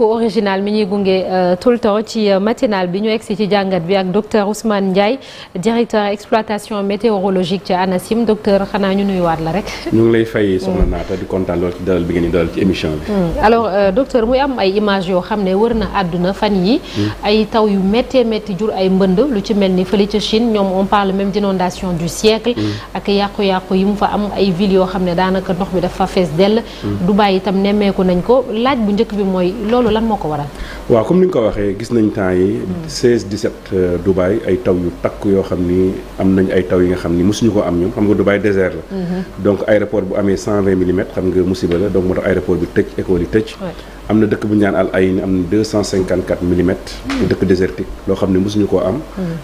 ko original mi ñuy gunge euh, tout le temps ci euh, matinal bi ñu egsi ci jàngat bi ak docteur Ousmane Ndiaye directeur exploitation météorologique ci ANACIM docteur xanaa ñu nuyuwaat la rek. ñu ngi lay fay soxna mm. Naata di kontaan lool ci dalal bi ngeen di dalal ci émission bi. Mm. alors euh, docteur muy am ay images yoo xam ne wër na àdduna fan yi mm. ay taw yu méttee métti jur ay mbënd lu ci mel ni fële ca Chine ñoom on parle d'inondation du siècle. ak yàqu-yàqu yi mu fa am ay villes yoo xam ne daanaka ndox mi dafa fees dell. Dubaï itam nemmeeku nañ ko laaj bu njëkk bi mooy loolu lan moo ko waral. waaw comme ni nga ko waxee gis nañ temps yi 16 17 euh, Dubaï ay taw yu takk yoo xam ni am nañ ay taw yi nga xam ni mosuñu ko am ñoom xam nga Dubaï désert la. Mm-hmm. donc aéroport bu amee 120 millimètres xam nga musiba la donc moo tax aéroport bi tëj école yi tëj. am na dëkk bu ñu naan al ayin am na 254 millimètres. dëkk désertique loo xam ne mosuñu koo am.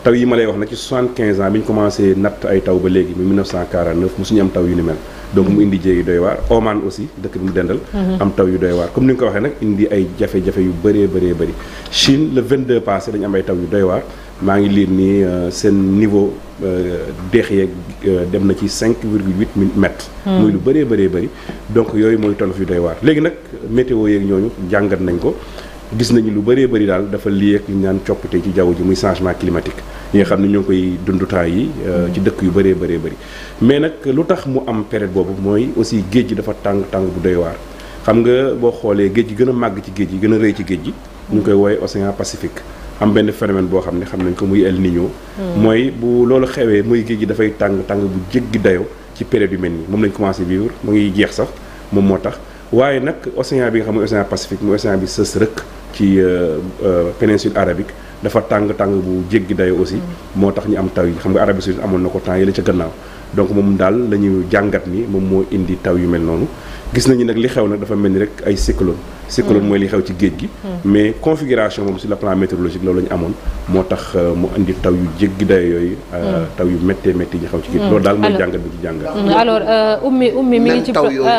taw yi ma wax nag ci 75 ans bi ñu commencé natt ay taw ba léegi mu 1949 mosuñu am taw yu ni mel. donc mu indi jéeg doy waar Oman aussi dëkk bi mu dendal. Mhm. am taw yu doy waar comme ni nga ko waxee nag indi ay jafe-jafe yu bëree bëree bëri Chine le 22 passé dañu am ay taw yu doy waar. maa ngi liir nii euh, seen niveau euh, deex yeeg euh, dem na ci cinq virgule huit mètres. Hmm. muy lu bëree bëree bëri. donc yooyu mooy tolof yu doy léegi nag météo yeeg ñooñu jàngat nañ ko gis nañu lu bëree bëri daal dafa lii ak li ñu naan coppite ci jaww ji muy changement climatique. yi xam ne ñoo koy dund temps yi ci dëkk yu bëree bëree bëri mais nag lu tax mu am période boobu mooy aussi géej gi dafa tàng tàng bu doy waar. xam nga boo xoolee géej gi gën a màgg ci géej gi gën a rëy ci géej gi. ñu koy woowee océan Pacifique. am benn phénomène boo xam ne xam nañ ko muy El Niño hmm. mooy bu loolu xewee muy géej gi dafay tàng tàng bu jéggi dayoo ci période bi mel nii moom lañ commencé vivre mu ngi jeex sax moom moo tax waaye nag océan bi nga xam mooy océan Pacifique mooy océan bi sës rëkk ci euh, euh, péninsule arabique dafa tàng-tàng bu jéggi dayo aussi hmm. moo tax ñu am taw yi xam nga Arabie Saoudite amoon na ko temps yële ca gannaaw donc moom daal la jàngat ni moom moo indi taw yu mel noonu gis nañu nag li xew nag dafa mel ni rek ay cyclone cyclone mooy li xew ci géej gi hmm. mais configuration moom si le plan météorologique la ñu amoon moo tax euh, mu indi taw yu jéggi dayo yooyu euh, hmm. taw yu méttee métti yi ñu xew ci géej hmm. loolu daal mooy jàngat bi ci jàngat alors euh, ummi ummi mi ngi ci plateau bi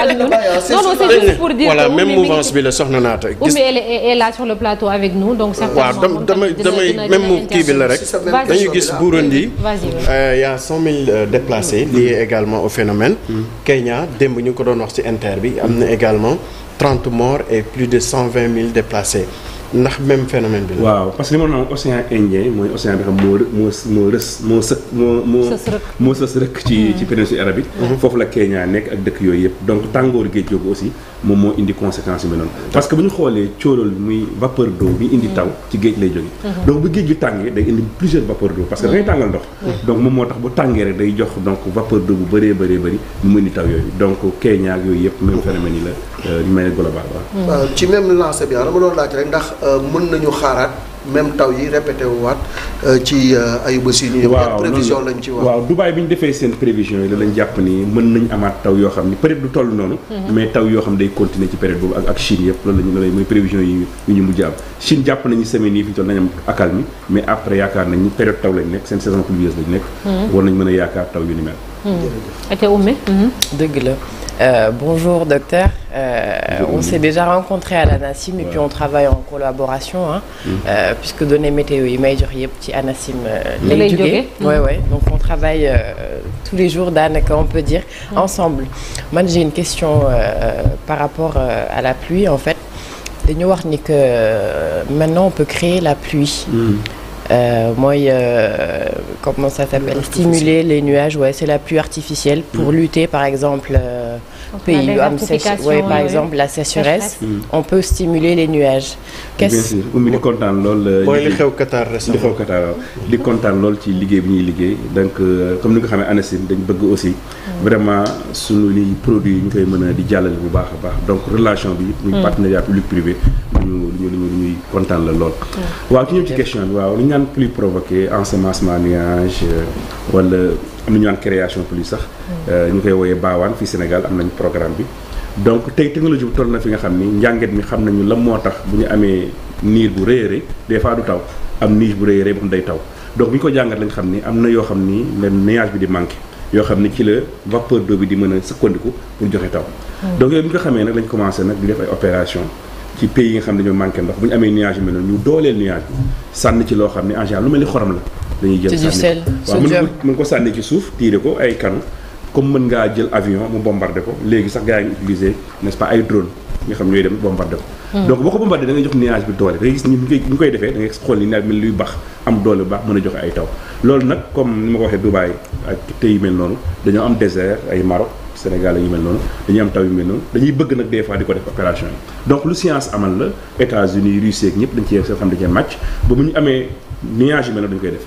ak ñun même mouvance bi soxna naata ummi elle est là sur le plateau avec nous donc waaw damay même kii rek dañu gis Burundi y a déplacés lié également au phénomène. Kenya démb ñu ko doon wax ci inter bi. am na également trente morts et plus de cent vingt mille déplacés. ndax même phénomène bi waaw parce que li ma naan océan Indien mooy océan bi xam moo moo moo rës moo së moo sës rëkk ci mm-hmm. ci péninsule mm-hmm. foofu la Kenya nekk ak dëkk yooyu yëpp donc tàngoor géej googu aussi moom moo indi conséquence yu mel noonu que bu ñu xoolee cóolóol muy vapeur lay jógee mm-hmm. donc bu géej gi tàngee day indi plusieurs vapeur d'eau parce que dangay tàngal ndox donc moom moo tax bu tàngee rek day jox donc vapeur d'eau bu bëree bëree bëri mu indi taw yooyu donc Kenya ak yooyu yëpp même phénomène yi la ñu may global waaw ci même lancé ah, Euh, mën nañu xaaraat même taw yi répété wu waat euh, ci euh, ay bés yu ñu. prévision lañ ci wax. waaw Dubaay bi ñu defee seen prévision yi lañ jàpp ni mën nañ amaat taw yoo xam ni peut-être du toll noonu. Mhm. mais taw yoo xam day continuer ci période boobu ak ak Chine loolu lañu loolu mooy prévision yi ñu ñu mujj am Chine jàpp nañu semaine yi fi toll nañ am accalmie mais après yaakaar nañ ni taw lañ nekk seen saison pluvieuse lañ nekk. Mhm. war nañ mën a Euh, bonjour docteur. Euh, on s'est déjà rencontré à l'ANACIM et puis on travaille en collaboration hein, mm. Euh, puisque données météo yi may jox yëpp ci ANACIM lay jógee oui oui donc on travaille euh, tous les jours daanaka on peut dire mm. ensemble man j'ai une euh, par rapport à la pluie en fait dañu wax ni que maintenant on peut créer la pluie mooy mm. euh, comment ça s'appelle stimuler les nuages c'est la pluie artificielle pour mm. lutter par exemple pays am par euh, exemple la sécheresse. Mm. on peut stimuler les nuages. bien sûr Oumy di kontaan lool. Euh, mooy li xew Qatar li xew Qatar di kontaan lool ci liggéey bi ñuy liggéey donc euh, comme ni nga xam ne ANACIM dañ bëgg aussi. Mm. vraiment sunu li produit yi ñu koy mën a di jàllale bu baax a baax donc relation bi. muy mm. partenariat public privé lu ñu lu ñu lu ñuy kontaan la lool. waaw ci ñëw ci question bi waaw li ñu naan plus provoqué ensemencement nuage wala am na ñu naan création plus Euh, ñu koy wooyee baawaan fii Sénégal am nañu programme bi donc tey technologie bu toll na fi nga xam ni njàngat mi xam nañu la moo tax bu ñu amee niir bu rëy des fois du taw am niige bu rëy a rëy day taw donc bu ñu ko jàngat lañ xam ni am na yoo xam ni leen nuage bi di manqué yoo xam ni ci la vapeur d'eau bi di mën a sëkkandiku pour joxe taw hmm. donc bi nga xamee nag lañ commencé nag di def ay opération xam ne dañoo manqué ndox bu ñu amee nuage yu mel ñu dooleel nuage bi ci loo xam ne lu mel ni xorom la dañuy jël sànni waaw mën ko sànni ci suuf tiire ko ay kanu comme mën ngaa jël avion mu bombardé ko léegi sax gaa yi ngi utilisé nest pas ay drone nga xam ñooy dem bombardé ko hmm. donc boo ko bombardé da nga jox nuage bi doole da nga gis ni ñu koy defee da nga xool ni nawet mel luy baax am doole bu baax mën a joxe ay taw loolu nag comme ni ma ko waxee Dubaï ak tey yu mel noonu dañoo am désert ay Maroc Sénégal ñu mel noonu dañuy am taw yu mel noonu dañuy bëgg nag des fois di ko def opération yi donc lu science amal la États-Unis Russie ak ñëpp dañ cee xam dañ cee màcc ba ñu amee nuage yu mel noonu dañu koy def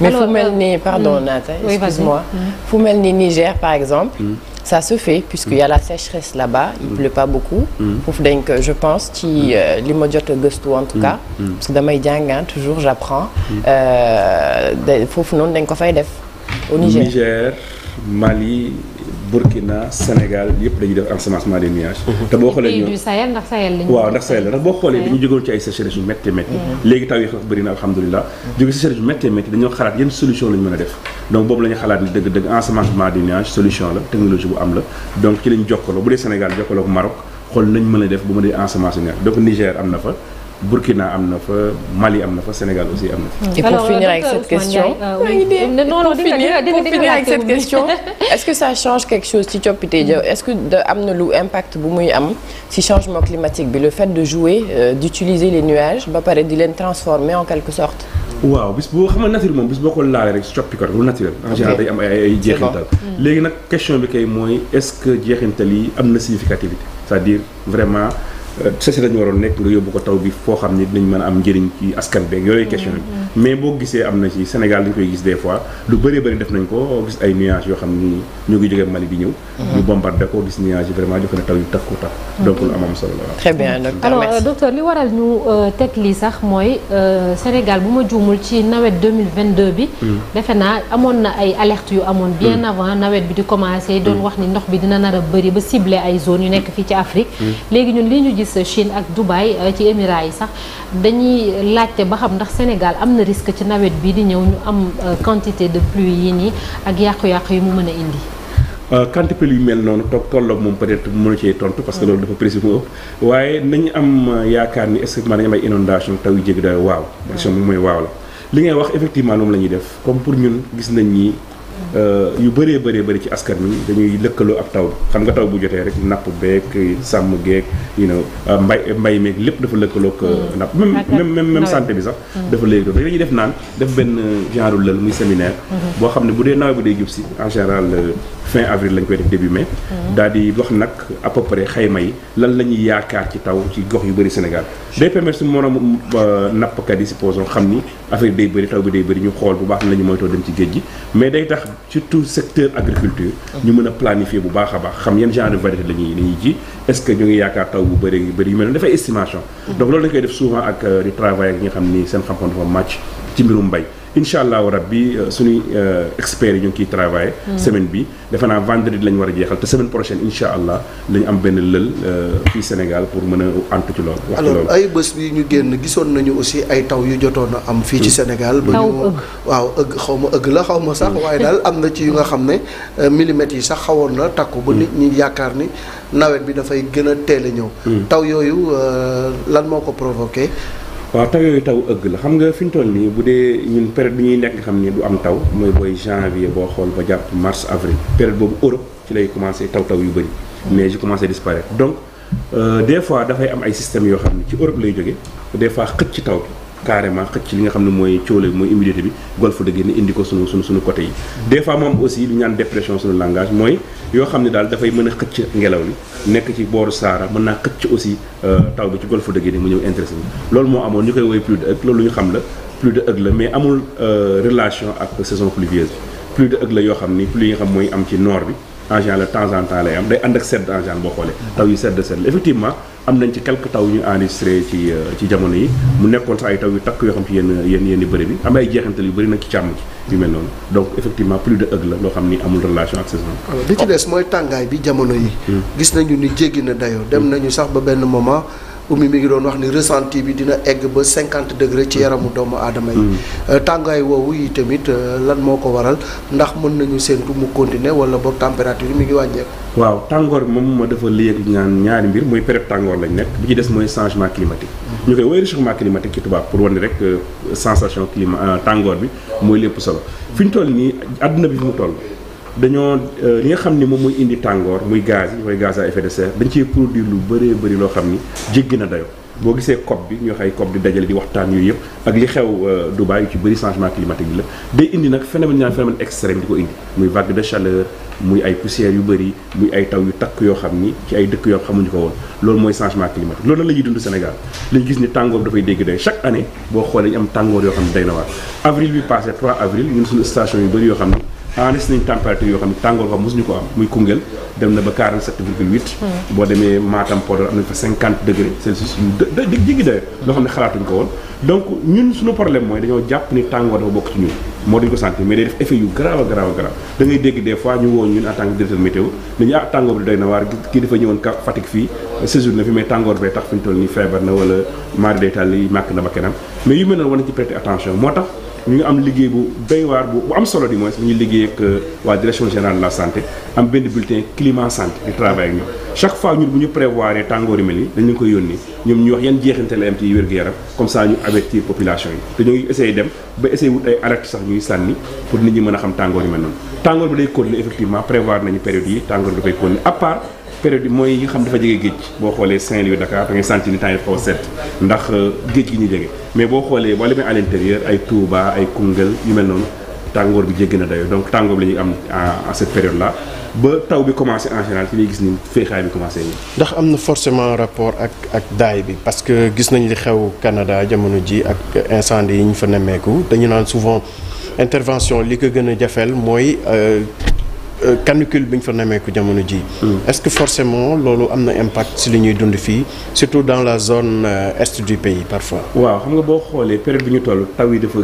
mais fu mel euh, ni pardon hmm. Naata excuse-moi hmm. fu mel ni Niger par exemple hmm. ça se fait puisque y la sécheresse là-bas il pleut pas beaucoup foofu dañ je pense ci euh, li ma jot a gëstu en tout cas parce que damay jàngaan toujours j'apprends euh, foofu noonu dañ ko fay def au Niger Mali Burkina Sénégal yëpp dañuy def ensemencement des mhm. te boo xoolee dañu jógoon ci ay sécheresse yu métti métti. léegi taw xew bëri na alhamdulilah. jóge sécheresse yu métti métti dañoo xalaat yenn solution lañu mën a def donc boobu la ñu xalaat ni dëgg dëgg ensemencement des solution la technologie bu am la donc ci lañ loo bu dee Sénégal jokkaloo ak Maroc xool nañ mën a def bu ma dee ensemencement donc Niger am na fa Burkina am na Mali am na fa Sénégal am na fa. et pour finir avec cette question pour finir avec cette question est-ce que ça change quelque chose ci coppite jaww est-ce que am na lu impact bu muy am ci changement climatique bi le fait de jouer euh, d'utiliser les nuages ba pare di leen transformer en quelque sorte. waaw bis boo xam ne nature moom bis boo ko laalee rek coppi ko rek lu naturel. en général day am ay ay jeexintal. Mm. léegi nag question bi kay mooy est-ce que jeexintal yi am na significativité cest à vraiment. cessé dañu waroon nekk nga yóbbu ko taw bi foo xam ni dinañ mën a am njëriñ ci askan beeg yooyu question bi mm-hmm. mais boo gisee am na ci Sénégal dañ koy gis des fois lu bëree bëri def nañ ko gis ay nuages yoo xam ni ñu ngi jógee Mali mm-hmm. ne taw yu takku takk mm-hmm. donc lu am am solo la très bien docteur euh, euh, sax mooy euh, Sénégal bu ma juumul ci nawet 2022 bi defe naa amoon na ay alertes yu amoon bien avant nawet bi di commencé doon wax ni ndox bi dina nar a bëri ba ciblé ay zones yu nekk fii ci Afrique léegi ñun li ñu gis Chine ak Dubaï euh, ci Émirats yi sax dañuy laajte ba xam ndax Sénégal am na risque ci nawet bii di ñëw ñu am euh, quantité de pluie yi nii ak yàqu-yàqu yi mu mën a indi. Euh, quantité pluie yu mel noonu toog tolloog moom peut-être mënu cee tontu. parce que mm. loolu dafa précis mu ëpp. waaye nañu am que maanaam dañu am ay inondation taw yu jéggi dayoo waaw. Mm. question bi mooy waaw la. li ngay wax effectivement moom la lañuy def comme pour ñun gis nañ Euh, yu bëree bëree bëri ci askan wi dañuy lëkkaloo ak taw xam nga taw bu jotee rek napp beeg sàmm geeg you know euh, mbay mbay meeg lépp dafa lëkkaloo lëkkaloog euh, mm. napp même même même santé bi sax mm. dafa léegi doon dañuy def naan def benn genre lël muy seminaire mm-hmm. boo xam ne bu dee nawet bi dee jub si en général fin avril lañ koy def début mai. Mm-hmm. daal di wax nag à peu xayma yi lan la ñuy yaakaar ci taw ci gox yu bëri Sénégal. day permettre suñu moroom euh, nappkat yi supposons xam ni affaire day bëri taw bi day bëri ñu xool bu baax la ñu moytoo dem ci géej gi mais day tax surtout secteur agriculture. Mm-hmm. ñu mën a planifier bu baax a baax xam yan genre de variété la ji est ñu ngi yaakaar taw bu bëri yu bëri yu mel noonu dafay estimation. Mm-hmm. donc loolu lañ def souvent ak euh, di seen xam-xam dafa màcc ci mbay. incha allahu rabbi euh, suñuy euh, experts yi ñu kii ciy travaillé. Hmm. semaine bi defe naa vendredi la war a jeexal te semaine prochaine incha allah la am benn lël euh, fii Sénégal pour mën a antu ci loolu. wax ay bés bi ñu génn gisoon nañu aussi ay taw yu jotoon a am. fii ci hmm. Sénégal ba ñu waaw ëgg xaw ma ëgg la xaw ma sax hmm. waaye daal am na ci yu nga xam ne millimètres yi sax xawoon na takku. ba nit ñi yaakaar ni nawet bi dafay gën a teel a ñëw. taw yooyu lan moo ko provoqué. waaw taw yooyu taw ëgg la xam nga fi ñu toll nii bu dee ñun période bi ñuy nekk nga xam ni du am taw mooy booy janvier boo xool ba jàpp mars avril période boobu Europe ci lay commencé taw taw yu bëri mais ji commencé disparaître donc euh, des fois dafay am ay systèmes yoo xam ne ci Europe lay jógee des fois xëcc ci taw carrément xëcc li nga xam ne mooy coole mooy humidité bi golfe de Guinée indi ko sunu sunu suñu côté yi des fois moom aussi lu ñu naan dépression suñu langage mooy yoo xam ne daal dafay mën a xëcc ngelaw li nekk ci booru Sahara mën naa xëcc aussi euh, taw bi ci golfe de Guinée mu ñëw intéressé bi loolu moo amoon ñu koy woy pluie de hëg loolu ñu xam la pluie de hëg la mais amul euh, relation ak saison pluvieuse bi pluie de hëg la yoo xam ni pluie yi nga xam mooy am ci noor bi engin la temps en temps lay am day ànd ak sedd engin boo xoolee mm-hmm. taw yu sedd sedd la effectivement am nañ ci quelques taw ñu enregistré ci euh, ci jamono yi mu nekkoon sax ay taw yu takk yoo xam ci yenn yenn yenn bëri bi am ay jeexantal yu bëri nag ci càmm ji yu mel noonu donc effectivement plus de ëgg la loo xam ni amul relation ak saison ah, ci des mooy tàngaay bi jamono yi mm. gis nañu ni jéggi na dayoo dem mm. nañu sax ba benn moment Oumy mi ngi doon wax ni ressenti bi dina egg ba cinquante degré ci yaramu doomu aadama yi. Mm. Euh, tàngaay woowu yi tamit euh, lan moo ko waral ndax mën nañu séntu mu continuer wala boog température yi mi ngi wàññeeku. waaw tàngoor bi moom ma dafa lii ak ñaan ñaari mbir mooy période tàngoor lañu nekk bi ci des mooy changement climatique. Mm. ñu koy woy réchauffement climatique ci tubaab pour wane rek euh, sensation climat tàngoor bi mooy lépp solo fi ñu toll nii àdduna bi fi mu dañoo euh, li nga xam ni moom muy indi tàngoor muy gaz yi mooy gaz à effet de serre dañ ciy produire lu bëree bëri loo xam ni jéggi na dayo boo gisee COP bi ñu wax ay COP di dajale di waxtaan yooyu yëpp ak li xew euh, Dubaï yu ci bëri changement climatique bi la day indi nag phénomène ñaan phénomène extrême di ko indi muy vague de chaleur muy ay poussières yu bëri muy ay taw yu takk yoo xam ni ci ay dëkk yoo xamuñu ko woon loolu mooy changement climatique loolu la ñuy dund Sénégal lañu ni tàngoor bi dafay dégg day chaque année boo xoolee ñu am tàngoor yoo ne day na waar avril bi passé bëri yoo xam ni enregistré nañu température yoo xam ne tàngoor fa mosuñu ko am muy Koungheul dem na ba 47 virgule 8 boo demee Matam Podor am nañ fa 50 degré Celsius yu di jéggi dayoo loo xam ne xalaatuñu ko woon donc ñun suñu problème mooy dañoo jàpp ni tàngoor dafa bokk ci ñun moo dañu ko sentir mais day def effet yu garaaw a garaaw a garaaw da ngay dégg des fois ñu woo ñun en tant que directeur météo ne ah, tàngoor bee tax fi ñu feebar na wala maari day tàll ba kenam mais yu mel ñu ngi am liggéey bu doy waar bu bu am solo di moins bu ñuy liggéey ak euh, waa direction générale de la santé am benn bulletin climat santé di travail ak chaque fois ñun bu ñu prévoir tàngoor yu mel ni dañu leen koy yónni ñoom ñu wax yan jeexinte la am ci wér-gu-yaram comme ça ñu avertir population yi te ñu ngi essayé dem ba essayé wut ay alerte sax ñuy sànni pour nit ñi mën a xam tàngoor yu mel noonu tàngoor bi day continuer effectivement prévoir nañu période yi tàngoor bi dafay continuer période bi mooy yi nga xam dafa jege géej boo xoolee Saint-Louis Dakar da ngay sentir ni temps yi euh, géej gi ñu jege mais boo xoolee boo demee à l'intérieur ay Touba ay Koungheul yu mel noonu tàngoor bi jéggi na dayo donc tàngoor bi la am à cette période là ba taw bi commencé en général ci lay gis ni féexaay bi commencé ndax am na forcément rapport ak ak daay bi parce que gis nañu li xew Canada jamono ji ak incendie yi ñu fa nemmeeku dañu naan souvent intervention li ko gën a jafeel mooy. Euh, Euh, canicule bi ñu fa nemmeeku jamono ji hmm. est-ce que forcément loolu am na impact si li ñuy dund fii surtout dans la zone euh, est du pays parfois. waaw xam nga boo xoolee période bi ñu toll taw yi dafa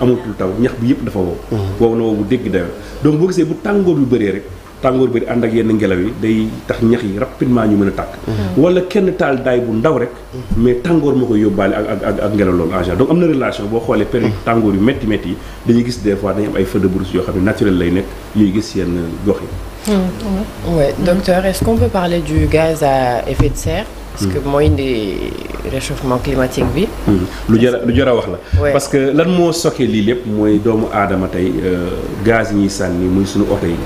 amatul taw ñax bi yëpp dafa wow. Hmm. wow na wow bu dégg dayoo donc boo gisee bu tàngoor yu bëree rek. tàngoor bi di ànd ak yenn ngelaw yi day tax ñax yi rapidement ñu mën a tàkk mm-hmm. wala kenn taal daay bu ndaw rek mais tàngoor moo koy yóbbaale ak ak ak ngelaw loolu en général am na relation boo xoolee période mm-hmm. tàngoor yu métti métti yi dañuy gis des fois dañuy am ay feux de brousse yoo xam ne naturel lay nekk ñuy gis yenn gox yi mm-hmm. oui docteur est-ce qu'on peut parler du gaz à effet de serre parce que mooy indi réchauffement climatique bi. lu a lu jar a wax la. parce que lan moo sokkee lii lépp mooy doomu aadama tey euh, gaz yi ñuy muy suñu oto yi.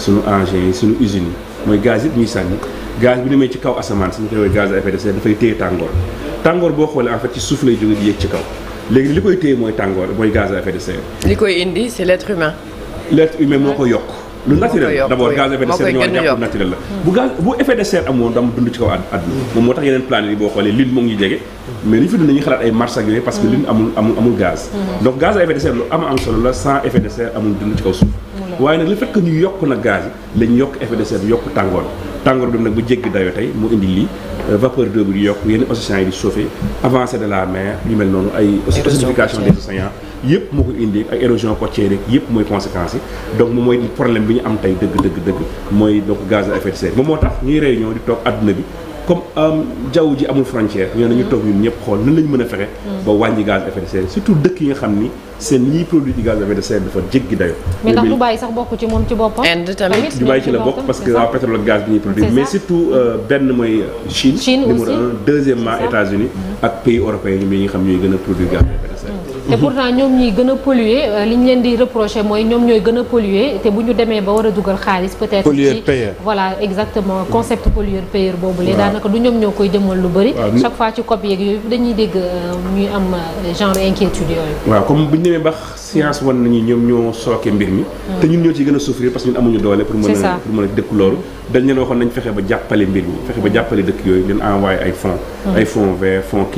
suñu engins yi suñu usine yi mooy gaz yëpp ñuy sànni gaz bi demee ci kaw asamaan suñu koy woowee a à effet de serre dafay téye tàngoor tàngoor boo xoolee en fait ci suuf lay jóge di yéeg ci kaw léegi li koy téye mooy tàngoor mooy gaz à effet de serre. li koy indi c'est l'être humain. l'être humain moo ko yokk. lu naturel d'abord gaz à effet de serre dama dund ci kaw àdduna hmm. moom moo tax yeneen planète yi boo xoolee lune moo ngi jege mais li ñu fi dund nañu xalaat ay Mars ak parce que hmm. lune amul amul amul hmm. donc gaz à effet lu am am solo la sans effet amul dund ci kaw suuf waaye nag le fait ñu yokk nag gaz yi lañ yokk effet de serre yokk tàngoor tàngoor bi nag bu jéggi dayoo tey mu indi lii euh, vapeur di yokk yenn océans yi di chauffer avancée de la mer yu mel noonu ay acidification des yëpp moo ko indi ak érosion côtière rek yëpp mooy conséquences yi donc moom mooy problème bi ñu am tey dëgg dëgg dëgg mooy donc gaz à effet de serre moom moo tax ñuy réunion di toog àdduna bi comme euh, jaww ji amul frontière ñoo nañu toog ñun ñëpp xool nan lañu mën a fexe ba wàññi gaz à effet de serre surtout dëkk yi nga xam ni seen ñiy produit di gaz à effet de serre dafa jéggi dayo mais ndax Dubaï sax bokk ci moom ci boppam Inde tamit ci la bokk parce que waa pétrole te pourtant ñoom ñuy gën polluer euh, li ñu leen di reprocher mooy ñoom ñooy gën polluer te bu ñu demee ba war a dugal xaalis peut-être. pollueur payeur voilà exactement concept pollueur payeur boobu lee daanaka du ñoom ñoo koy jëmal lu bëri. chaque fois ci COP yeeg yooyu dañuy dégg euh, ñuy am euh, genre inquiétude yooyu. waaw comme bu ñu demee ba science wan nañu ñoom ñoo sooke mbir mi. Hmm. te ñun ñoo ciy gën a souffrir parce que ñun amuñu doole. pour mën a pour loolu. dañ leen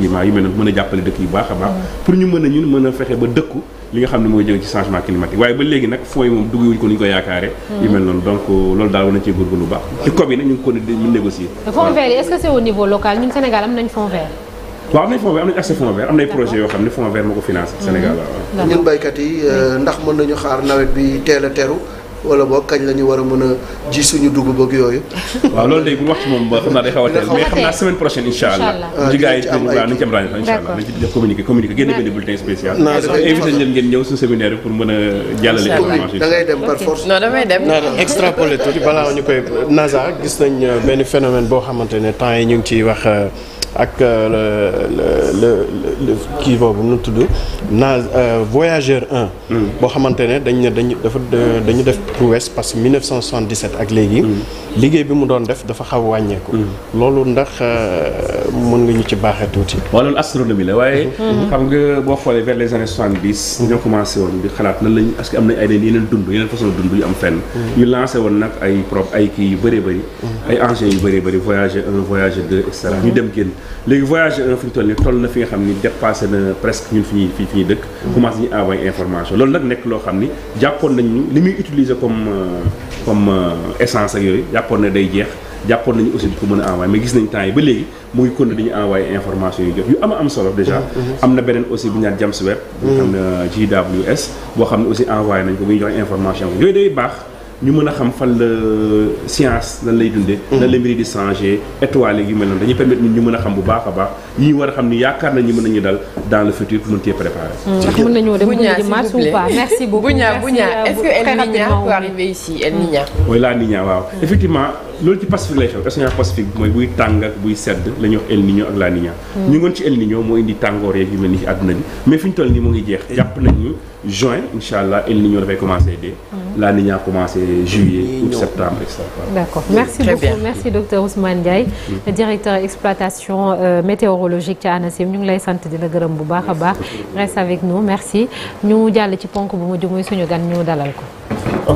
hmm. yu mel noonu mën a jàppale dëkk yu baax a hmm. mën a fexe ba dëkku li nga xam ne mooy jóge ci changement climatique waaye ba léegi nag fonds yi moom dugg wuñ ko ni ñu ko yaakaare hmm. yu mel noonu donc euh, loolu daal war nañ cee góorgóorlu baax ci COP yi nag ñu ngi ko ñu négocier fonds vert yi est-ce que c'est au niveau local ñun Sénégal am nañ fonds vert waaw am nañ fonds vert am nañ accès fonds vert am nay projet yoo xam ne fonds vert moo ko financé hmm. Sénégal waaw ñun béykat yi euh, ndax mën nañu xaar nawet bi teel a teru wala boo kañ la ñu war a mën a ji suñu dugub ak yooyu. waaw loolu léegi bu wax ci moom ba xam naa day xaw a teel mais xam naa semaine prochaine incha allah. incha allah ah, ci pour mën a jàllale dem naa balaa ñu koy NASA gis nañ euh, benn phénomène boo xamante ne temps yi ñu ngi ciy wax euh, ak euh, le le le boobu nu tudd na euh, voyageur 1. Mm. boo xamante ne dañ ne dañu dafa dañu def prouesse parce que 1977 ak léegi. Mm. liggéey bi mu doon def dafa xaw wàññeeku. Mm. loolu ndax euh, mën nga ñu ci baaxee tuuti. waaw loolu astronomie la waaye. Mm-hmm. Mm-hmm. xam nga boo xoolee vers les années 70. Mm-hmm. ñoo commencé woon di xalaat nan lañ parce am nañ ay yeneen dund yeneen façon dund yu am fenn. ñu lancé woon nag ay prop ay kii yu bëree bëri. ay engins yu bëree bëri voyageur 1 voyageur 2 et cetera ñu dem génn. léegi voyageur 1 fi toll na fi nga xam ni dépassé na presque ñun fi ñuy fi ñuy dëkk. commencé ñu envoyé information loolu nag nekk loo xam ni jàppoon nañu li muy utiliser comme euh, comme euh, essence ak yooyu jàppoon na day jeex jàppoon nañu aussi di ko mën a envoyé mais gis nañ temps yi ba léegi muy kon dañu envoyé information yu jot yu am solo déjà. Mm-hmm, mm-hmm. am na beneen aussi bu ñaar naan James Webb. bu ñu xam ne mm-hmm. euh, JWS boo xam ne aussi envoyé nañ ko bu ñu joxe information yooyu day baax. ñu mën a xam fan la euh, science nan lay dundee. Mm. lan la mbiri di changé étoile yu mel noonu dañuy permettre ñun ñu mën a xam bu baax a baax yi war a xam ni yaakaar nañu mën nañu dal dans le futur pour mën cee préparer. Mm. ndax mën euh, mooy laa Niña waaw mm. effectivement loolu ci Pacifique lay xew océan Pacifique mooy buy tàng buy sedd la ñuy ak laa Niña. ñu ngoon ci El Niño moo indi tàngoor yeeg yu mel ci àdduna bi mais fi ñu toll nii mu ngi jeex jàpp nañu juin incha allah El Niño dafay commencé dee. Mm-hmm. La Niña commencé juillet août septembre et merci Très merci docteur Ousmane Ndiaye. Mmh. directeur exploitation euh, météorologique ca ANACIM ñu ngi lay sant di la gërëm bu baax a baax. reste avec nous merci ñu jàll ci ponk bu mujj mooy suñu gan ñu dalal ko.